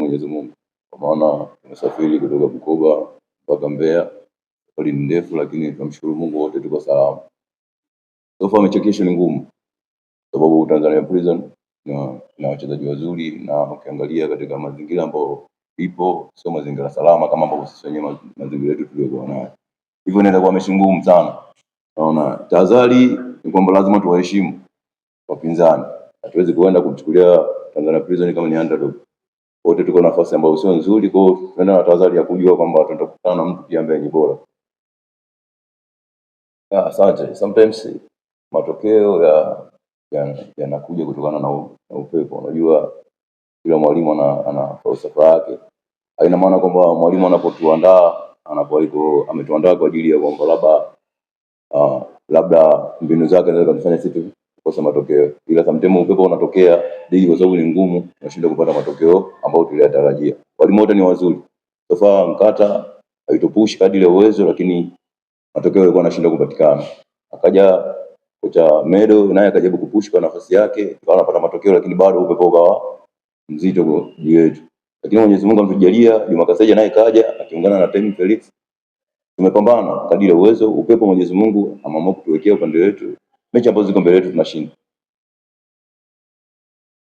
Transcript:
Mwenyezi Mungu, kwa maana tumesafiri kutoka Bukoba mpaka Mbeya. Safari ni ndefu, lakini tunamshukuru Mungu wote tuko salama. Sofa mechekesho ni ngumu, sababu Tanzania Prison na, na wachezaji wazuri, na ukiangalia katika mazingira ambayo ipo sio mazingira salama kama ambavyo sisi wenyewe mazingira yetu tuliokuwa nayo, hivyo inaenda kuwa mechi ngumu sana. Naona tahadhari ni kwamba lazima tuwaheshimu wapinzani, hatuwezi kuenda kumchukulia Tanzania Prison kama ni underdog wote tuko nafasi ambayo sio nzuri. Kwa hiyo tunaenda na tahadhari ya kujua kwamba tutakutana na mtu pia ambaye ni bora. Ah, Asante. Sometimes matokeo ya yanakuja ya kutokana na, na upepo. Unajua, kila mwalimu ana, ana falsafa yake. Haina maana kwamba mwalimu anapotuandaa anapoiko ametuandaa kwa ajili ya kwamba labda uh, labda mbinu zake zinaweza kufanya sisi kukosa matokeo, ila samtemo upepo unatokea ligi kwa sababu ni ngumu, nashinda kupata matokeo ambayo tuliyatarajia. Walimu wote ni wazuri, Sofa Mkata alitupushi kadri ya uwezo, lakini matokeo yalikuwa yanashindwa kupatikana. Akaja kocha Medo naye akajaribu kupushi kwa nafasi yake, kwa anapata matokeo, lakini bado upepo ukawa mzito juu yetu, lakini Mwenyezi Mungu ametujalia Juma Kaseja naye kaja akiungana na Temi Felix tumepambana kadiri ya uwezo. Upepo Mwenyezi Mungu amaamua kutuwekea upande wetu, mechi ambazo ziko mbele yetu tunashinda.